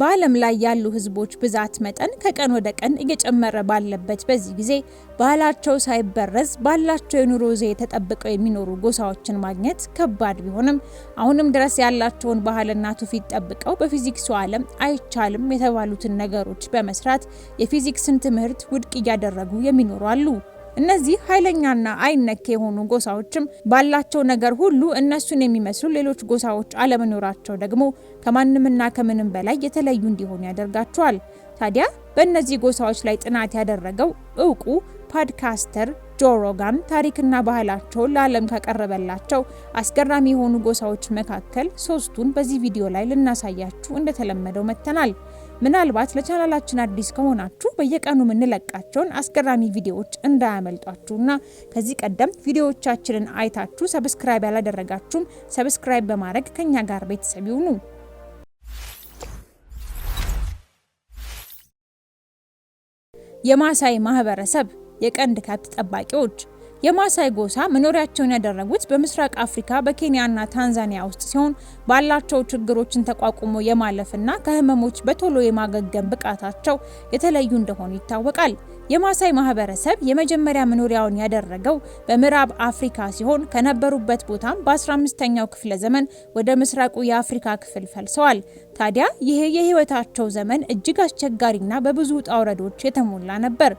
በዓለም ላይ ያሉ ህዝቦች ብዛት መጠን ከቀን ወደ ቀን እየጨመረ ባለበት በዚህ ጊዜ ባህላቸው ሳይበረዝ ባላቸው የኑሮ ዘዬ ተጠብቀው የሚኖሩ ጎሳዎችን ማግኘት ከባድ ቢሆንም አሁንም ድረስ ያላቸውን ባህልና ትውፊት ጠብቀው በፊዚክሱ ዓለም አይቻልም የተባሉትን ነገሮች በመስራት የፊዚክስን ትምህርት ውድቅ እያደረጉ የሚኖሩ አሉ። እነዚህ ኃይለኛና አይነኬ የሆኑ ጎሳዎችም ባላቸው ነገር ሁሉ እነሱን የሚመስሉ ሌሎች ጎሳዎች አለመኖራቸው ደግሞ ከማንምና ከምንም በላይ የተለዩ እንዲሆኑ ያደርጋቸዋል። ታዲያ በእነዚህ ጎሳዎች ላይ ጥናት ያደረገው እውቁ ፓድካስተር ጆሮጋን ታሪክና ባህላቸውን ለዓለም ካቀረበላቸው አስገራሚ የሆኑ ጎሳዎች መካከል ሶስቱን በዚህ ቪዲዮ ላይ ልናሳያችሁ እንደተለመደው መጥተናል። ምናልባት ለቻናላችን አዲስ ከሆናችሁ በየቀኑ የምንለቃቸውን አስገራሚ ቪዲዮዎች እንዳያመልጧችሁ እና ከዚህ ቀደም ቪዲዮዎቻችንን አይታችሁ ሰብስክራይብ ያላደረጋችሁም ሰብስክራይብ በማድረግ ከኛ ጋር ቤተሰብ ይሁኑ። የማሳይ ማህበረሰብ የቀንድ ከብት ጠባቂዎች የማሳይ ጎሳ መኖሪያቸውን ያደረጉት በምስራቅ አፍሪካ በኬንያና ታንዛኒያ ውስጥ ሲሆን ባላቸው ችግሮችን ተቋቁሞ የማለፍና ከህመሞች በቶሎ የማገገም ብቃታቸው የተለዩ እንደሆኑ ይታወቃል። የማሳይ ማህበረሰብ የመጀመሪያ መኖሪያውን ያደረገው በምዕራብ አፍሪካ ሲሆን ከነበሩበት ቦታም በ15ኛው ክፍለ ዘመን ወደ ምስራቁ የአፍሪካ ክፍል ፈልሰዋል። ታዲያ ይህ የህይወታቸው ዘመን እጅግ አስቸጋሪና በብዙ ውጣ ውረዶች የተሞላ ነበር።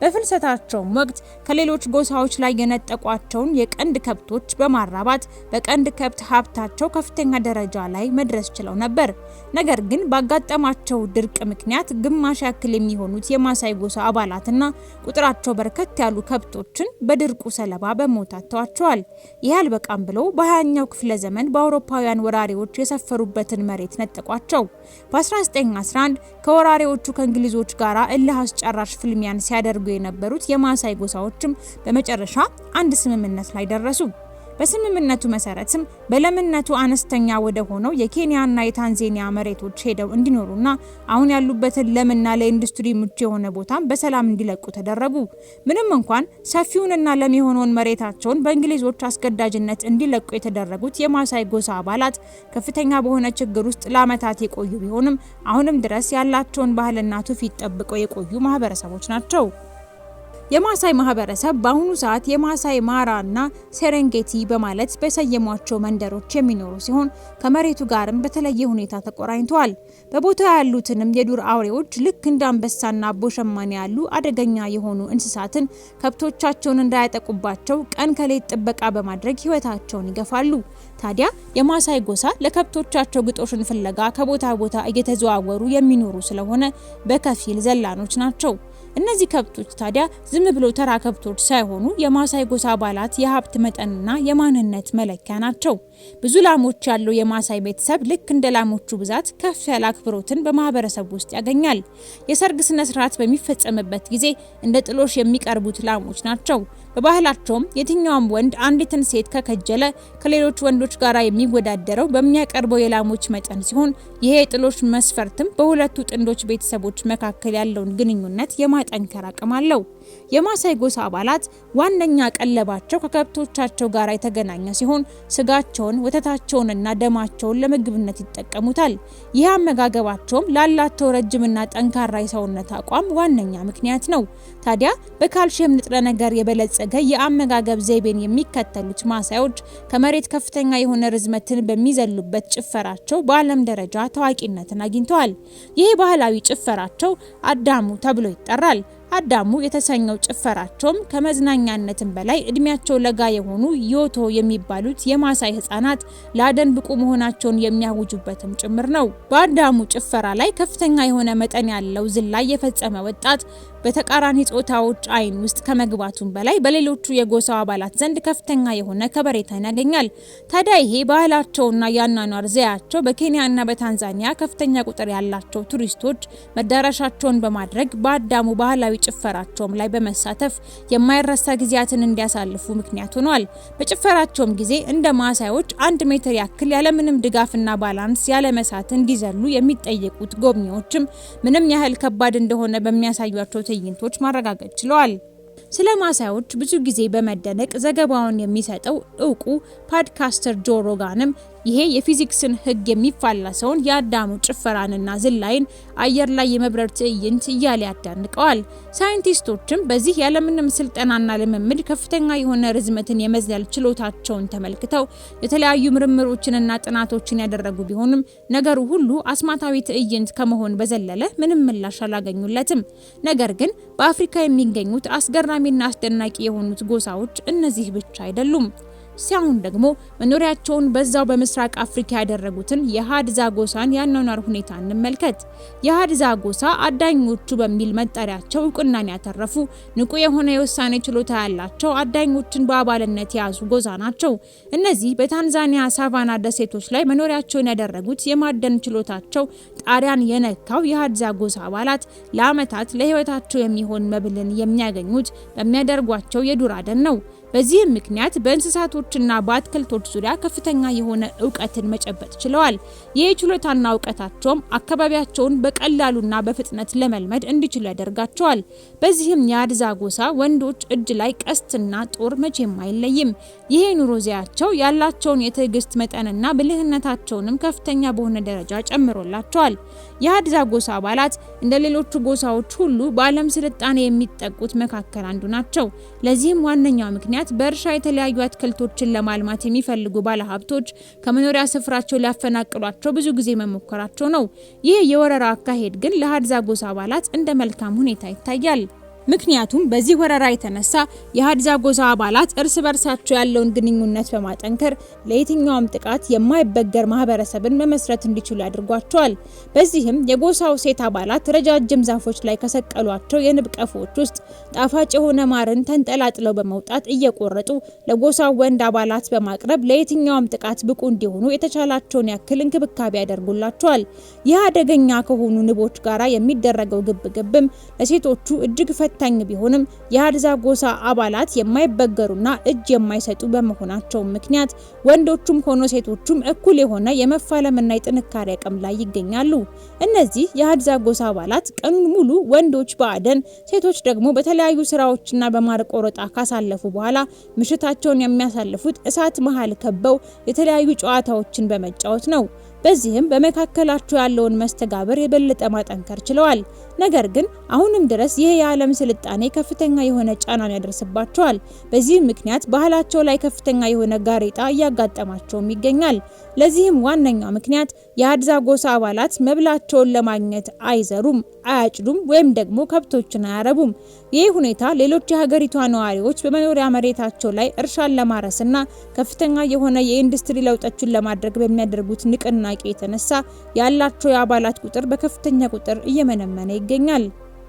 በፍልሰታቸውም ወቅት ከሌሎች ጎሳዎች ላይ የነጠቋቸውን የቀንድ ከብቶች በማራባት በቀንድ ከብት ሀብታቸው ከፍተኛ ደረጃ ላይ መድረስ ችለው ነበር። ነገር ግን ባጋጠማቸው ድርቅ ምክንያት ግማሽ ያክል የሚሆኑት የማሳይ ጎሳ አባላትና ቁጥራቸው በርከት ያሉ ከብቶችን በድርቁ ሰለባ በመውታት ተዋቸዋል። ይህ አልበቃም ብሎ በ20ኛው ክፍለ ዘመን በአውሮፓውያን ወራሪዎች የሰፈሩበትን መሬት ነጠቋቸው። በ1911 ከወራሪዎቹ ከእንግሊዞች ጋር እልህ አስጨራሽ ፍልሚያን ሲያደርጉ ሲዋጉ የነበሩት የማሳይ ጎሳዎችም በመጨረሻ አንድ ስምምነት ላይ ደረሱ። በስምምነቱ መሰረትም በለምነቱ አነስተኛ ወደ ሆነው የኬንያና የታንዜኒያ መሬቶች ሄደው እንዲኖሩና አሁን ያሉበትን ለምና ለኢንዱስትሪ ምቹ የሆነ ቦታም በሰላም እንዲለቁ ተደረጉ። ምንም እንኳን ሰፊውንና ለም የሆነውን መሬታቸውን በእንግሊዞች አስገዳጅነት እንዲለቁ የተደረጉት የማሳይ ጎሳ አባላት ከፍተኛ በሆነ ችግር ውስጥ ለዓመታት የቆዩ ቢሆንም አሁንም ድረስ ያላቸውን ባህልና ትውፊት ጠብቀው የቆዩ ማህበረሰቦች ናቸው። የማሳይ ማህበረሰብ በአሁኑ ሰዓት የማሳይ ማራ እና ሴረንጌቲ በማለት በሰየሟቸው መንደሮች የሚኖሩ ሲሆን ከመሬቱ ጋርም በተለየ ሁኔታ ተቆራኝተዋል። በቦታው ያሉትንም የዱር አውሬዎች ልክ እንደ አንበሳና አቦሸማኔ ያሉ አደገኛ የሆኑ እንስሳትን ከብቶቻቸውን እንዳያጠቁባቸው ቀን ከሌት ጥበቃ በማድረግ ህይወታቸውን ይገፋሉ። ታዲያ የማሳይ ጎሳ ለከብቶቻቸው ግጦሽን ፍለጋ ከቦታ ቦታ እየተዘዋወሩ የሚኖሩ ስለሆነ በከፊል ዘላኖች ናቸው። እነዚህ ከብቶች ታዲያ ዝም ብሎ ተራ ከብቶች ሳይሆኑ የማሳይ ጎሳ አባላት የሀብት መጠንና የማንነት መለኪያ ናቸው። ብዙ ላሞች ያለው የማሳይ ቤተሰብ ልክ እንደ ላሞቹ ብዛት ከፍ ያለ አክብሮትን በማህበረሰብ ውስጥ ያገኛል። የሰርግ ስነ ስርዓት በሚፈጸምበት ጊዜ እንደ ጥሎሽ የሚቀርቡት ላሞች ናቸው። በባህላቸውም የትኛውም ወንድ አንዲትን ሴት ከከጀለ ከሌሎች ወንዶች ጋር የሚወዳደረው በሚያቀርበው የላሞች መጠን ሲሆን ይሄ የጥሎች መስፈርትም በሁለቱ ጥንዶች ቤተሰቦች መካከል ያለውን ግንኙነት የማጠንከር አቅም አለው። የማሳይ ጎሳ አባላት ዋነኛ ቀለባቸው ከከብቶቻቸው ጋር የተገናኘ ሲሆን ስጋቸውን፣ ወተታቸውንና ደማቸውን ለምግብነት ይጠቀሙታል። ይህ አመጋገባቸውም ላላቸው ረጅምና ጠንካራ የሰውነት አቋም ዋነኛ ምክንያት ነው። ታዲያ በካልሽየም ንጥረ ነገር የበለጸገ የአመጋገብ ዘይቤን የሚከተሉት ማሳዮች ከመሬት ከፍተኛ የሆነ ርዝመትን በሚዘሉበት ጭፈራቸው በዓለም ደረጃ ታዋቂነትን አግኝተዋል። ይህ ባህላዊ ጭፈራቸው አዳሙ ተብሎ ይጠራል። አዳሙ የተሰኘው ጭፈራቸውም ከመዝናኛነትም በላይ እድሜያቸው ለጋ የሆኑ ዮቶ የሚባሉት የማሳይ ህጻናት ለአደን ብቁ መሆናቸውን የሚያውጁበትም ጭምር ነው። በአዳሙ ጭፈራ ላይ ከፍተኛ የሆነ መጠን ያለው ዝላይ የፈጸመ ወጣት በተቃራኒ ጾታዎች አይን ውስጥ ከመግባቱም በላይ በሌሎቹ የጎሳው አባላት ዘንድ ከፍተኛ የሆነ ከበሬታን ያገኛል። ታዲያ ይሄ ባህላቸውና የአኗኗር ዘያቸው በኬንያና በታንዛኒያ ከፍተኛ ቁጥር ያላቸው ቱሪስቶች መዳረሻቸውን በማድረግ በአዳሙ ባህላዊ ጭፈራቸውም ላይ በመሳተፍ የማይረሳ ጊዜያትን እንዲያሳልፉ ምክንያት ሆኗል። በጭፈራቸውም ጊዜ እንደ ማሳዮች አንድ ሜትር ያክል ያለምንም ድጋፍና ባላንስ ያለ መሳት እንዲዘሉ የሚጠየቁት ጎብኚዎችም ምንም ያህል ከባድ እንደሆነ በሚያሳዩቸው ትዕይንቶች ማረጋገጥ ችለዋል። ስለ ማሳዮች ብዙ ጊዜ በመደነቅ ዘገባውን የሚሰጠው እውቁ ፖድካስተር ጆ ሮጋንም ይሄ የፊዚክስን ህግ የሚፋላ ሰውን የአዳሙ ጭፈራንና ዝላይን አየር ላይ የመብረር ትዕይንት እያለ ያዳንቀዋል። ሳይንቲስቶችም በዚህ ያለምንም ስልጠናና ልምምድ ከፍተኛ የሆነ ርዝመትን የመዝለል ችሎታቸውን ተመልክተው የተለያዩ ምርምሮችንና ጥናቶችን ያደረጉ ቢሆንም ነገሩ ሁሉ አስማታዊ ትዕይንት ከመሆን በዘለለ ምንም ምላሽ አላገኙለትም። ነገር ግን በአፍሪካ የሚገኙት አስገራሚና አስደናቂ የሆኑት ጎሳዎች እነዚህ ብቻ አይደሉም። ሲያሁን ደግሞ መኖሪያቸውን በዛው በምስራቅ አፍሪካ ያደረጉትን የሃድዛ ጎሳን ያኗኗር ሁኔታ እንመልከት። የሃድዛ ጎሳ አዳኞቹ በሚል መጠሪያቸው እውቅናን ያተረፉ ንቁ የሆነ የውሳኔ ችሎታ ያላቸው አዳኞችን በአባልነት የያዙ ጎዛ ናቸው። እነዚህ በታንዛኒያ ሳቫና ደሴቶች ላይ መኖሪያቸውን ያደረጉት የማደን ችሎታቸው ጣሪያን የነካው የሃድዛ ጎሳ አባላት ለአመታት ለህይወታቸው የሚሆን መብልን የሚያገኙት በሚያደርጓቸው የዱር አደን ነው። በዚህም ምክንያት በእንስሳቶችና በአትክልቶች ዙሪያ ከፍተኛ የሆነ እውቀትን መጨበጥ ችለዋል። ይህ ችሎታና እውቀታቸውም አካባቢያቸውን በቀላሉና በፍጥነት ለመልመድ እንዲችሉ ያደርጋቸዋል። በዚህም የአድዛ ጎሳ ወንዶች እጅ ላይ ቀስትና ጦር መቼም አይለይም። ይሄ ኑሮ ዚያቸው ያላቸውን የትዕግስት መጠንና ብልህነታቸውንም ከፍተኛ በሆነ ደረጃ ጨምሮላቸዋል። የአድዛ ጎሳ አባላት እንደ ሌሎቹ ጎሳዎች ሁሉ በዓለም ስልጣኔ የሚጠቁት መካከል አንዱ ናቸው። ለዚህም ዋነኛው ምክንያት ምክንያት በእርሻ የተለያዩ አትክልቶችን ለማልማት የሚፈልጉ ባለሀብቶች ከመኖሪያ ስፍራቸው ሊያፈናቅሏቸው ብዙ ጊዜ መሞከራቸው ነው። ይህ የወረራ አካሄድ ግን ለሀድዛ ጎሳ አባላት እንደ መልካም ሁኔታ ይታያል። ምክንያቱም በዚህ ወረራ የተነሳ የሀድዛ ጎሳ አባላት እርስ በርሳቸው ያለውን ግንኙነት በማጠንከር ለየትኛውም ጥቃት የማይበገር ማህበረሰብን መመስረት እንዲችሉ ያድርጓቸዋል። በዚህም የጎሳው ሴት አባላት ረጃጅም ዛፎች ላይ ከሰቀሏቸው የንብ ቀፎዎች ውስጥ ጣፋጭ የሆነ ማርን ተንጠላጥለው በመውጣት እየቆረጡ ለጎሳው ወንድ አባላት በማቅረብ ለየትኛውም ጥቃት ብቁ እንዲሆኑ የተቻላቸውን ያክል እንክብካቤ ያደርጉላቸዋል። ይህ አደገኛ ከሆኑ ንቦች ጋራ የሚደረገው ግብግብም ለሴቶቹ እጅግ ፈ ፈታኝ ቢሆንም የሀድዛ ጎሳ አባላት የማይበገሩና እጅ የማይሰጡ በመሆናቸው ምክንያት ወንዶቹም ሆኖ ሴቶቹም እኩል የሆነ የመፋለምና የጥንካሬ አቅም ላይ ይገኛሉ። እነዚህ የሀድዛ ጎሳ አባላት ቀኑን ሙሉ ወንዶች በአደን ሴቶች ደግሞ በተለያዩ ስራዎችና በማርቆሮጣ ካሳለፉ በኋላ ምሽታቸውን የሚያሳልፉት እሳት መሀል ከበው የተለያዩ ጨዋታዎችን በመጫወት ነው። በዚህም በመካከላቸው ያለውን መስተጋብር የበለጠ ማጠንከር ችለዋል። ነገር ግን አሁንም ድረስ ይህ የዓለም ስልጣኔ ከፍተኛ የሆነ ጫናን ያደርስባቸዋል። በዚህም ምክንያት ባህላቸው ላይ ከፍተኛ የሆነ ጋሬጣ እያጋጠማቸውም ይገኛል። ለዚህም ዋነኛው ምክንያት የሀድዛ ጎሳ አባላት መብላቸውን ለማግኘት አይዘሩም፣ አያጭዱም፣ ወይም ደግሞ ከብቶችን አያረቡም። ይህ ሁኔታ ሌሎች የሀገሪቷ ነዋሪዎች በመኖሪያ መሬታቸው ላይ እርሻን ለማረስና ከፍተኛ የሆነ የኢንዱስትሪ ለውጦችን ለማድረግ በሚያደርጉት ንቅናቄ የተነሳ ያላቸው የአባላት ቁጥር በከፍተኛ ቁጥር እየመነመነ ይገኛል። ይገኛል።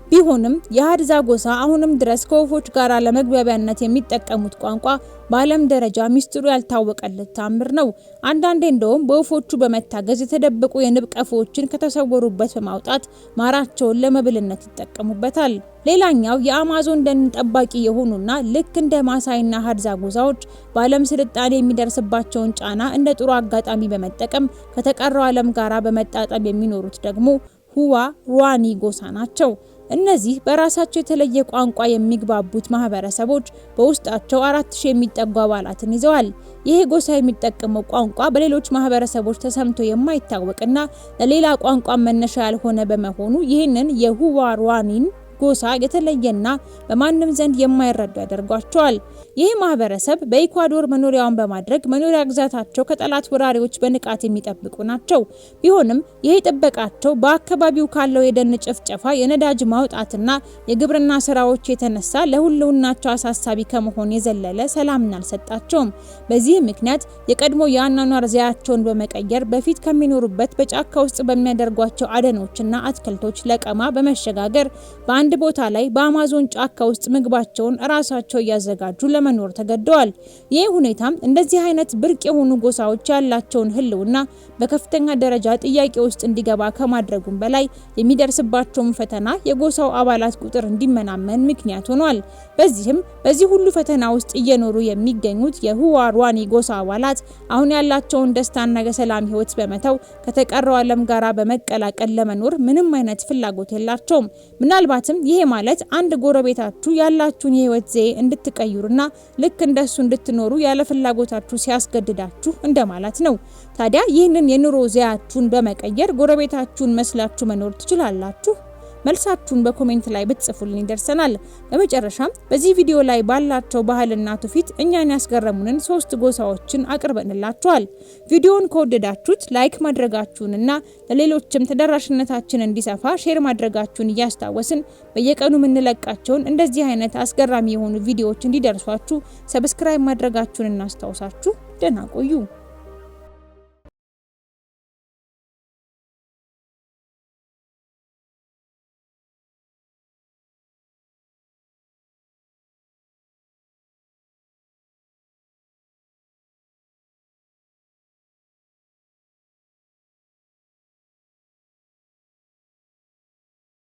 ቢሆንም የሀድዛ ጎሳ አሁንም ድረስ ከወፎች ጋር ለመግባቢያነት የሚጠቀሙት ቋንቋ በዓለም ደረጃ ሚስጢሩ ያልታወቀለት ታምር ነው። አንዳንዴ እንደውም በወፎቹ በመታገዝ የተደበቁ የንብ ቀፎዎችን ከተሰወሩበት በማውጣት ማራቸውን ለመብልነት ይጠቀሙበታል። ሌላኛው የአማዞን ደን ጠባቂ የሆኑና ልክ እንደ ማሳይና ሀድዛ ጎሳዎች በዓለም ስልጣኔ የሚደርስባቸውን ጫና እንደ ጥሩ አጋጣሚ በመጠቀም ከተቀረው ዓለም ጋራ በመጣጠም የሚኖሩት ደግሞ ሁዋ ሩዋኒ ጎሳ ናቸው። እነዚህ በራሳቸው የተለየ ቋንቋ የሚግባቡት ማህበረሰቦች በውስጣቸው አራት ሺህ የሚጠጉ አባላትን ይዘዋል። ይሄ ጎሳ የሚጠቀመው ቋንቋ በሌሎች ማህበረሰቦች ተሰምቶ የማይታወቅና ለሌላ ቋንቋ መነሻ ያልሆነ በመሆኑ ይህንን የሁዋ ሩዋኒን ጎሳ የተለየና በማንም ዘንድ የማይረዱ ያደርጓቸዋል። ይህ ማህበረሰብ በኢኳዶር መኖሪያውን በማድረግ መኖሪያ ግዛታቸው ከጠላት ወራሪዎች በንቃት የሚጠብቁ ናቸው። ቢሆንም ይህ ጥበቃቸው በአካባቢው ካለው የደን ጭፍጨፋ፣ የነዳጅ ማውጣትና የግብርና ስራዎች የተነሳ ለሁሉናቸው አሳሳቢ ከመሆን የዘለለ ሰላምን አልሰጣቸውም። በዚህ ምክንያት የቀድሞ የአኗኗር ዘያቸውን በመቀየር በፊት ከሚኖሩበት በጫካ ውስጥ በሚያደርጓቸው አደኖችና አትክልቶች ለቀማ በመሸጋገር በአን አንድ ቦታ ላይ በአማዞን ጫካ ውስጥ ምግባቸውን ራሳቸው እያዘጋጁ ለመኖር ተገደዋል። ይህ ሁኔታም እንደዚህ አይነት ብርቅ የሆኑ ጎሳዎች ያላቸውን ሕልውና በከፍተኛ ደረጃ ጥያቄ ውስጥ እንዲገባ ከማድረጉም በላይ የሚደርስባቸውም ፈተና የጎሳው አባላት ቁጥር እንዲመናመን ምክንያት ሆኗል። በዚህም በዚህ ሁሉ ፈተና ውስጥ እየኖሩ የሚገኙት የሁዋርዋኒ ጎሳ አባላት አሁን ያላቸውን ደስታና የሰላም ሕይወት በመተው ከተቀረው ዓለም ጋራ በመቀላቀል ለመኖር ምንም አይነት ፍላጎት የላቸውም ምናልባትም ስለሆነም ይሄ ማለት አንድ ጎረቤታችሁ ያላችሁን የህይወት ዘዬ እንድትቀይሩና ልክ እንደሱ እንድትኖሩ ያለ ፍላጎታችሁ ሲያስገድዳችሁ እንደማለት ነው። ታዲያ ይህንን የኑሮ ዘያችሁን በመቀየር ጎረቤታችሁን መስላችሁ መኖር ትችላላችሁ። መልሳችሁን በኮሜንት ላይ ብትጽፉልን ይደርሰናል። በመጨረሻም በዚህ ቪዲዮ ላይ ባላቸው ባህልና ትውፊት እኛን ያስገረሙንን ሶስት ጎሳዎችን አቅርበንላችኋል። ቪዲዮውን ከወደዳችሁት ላይክ ማድረጋችሁንና ለሌሎችም ተደራሽነታችን እንዲሰፋ ሼር ማድረጋችሁን እያስታወስን በየቀኑ የምንለቃቸውን እንደዚህ አይነት አስገራሚ የሆኑ ቪዲዮዎች እንዲደርሷችሁ ሰብስክራይብ ማድረጋችሁን እናስታውሳችሁ። ደህና ቆዩ።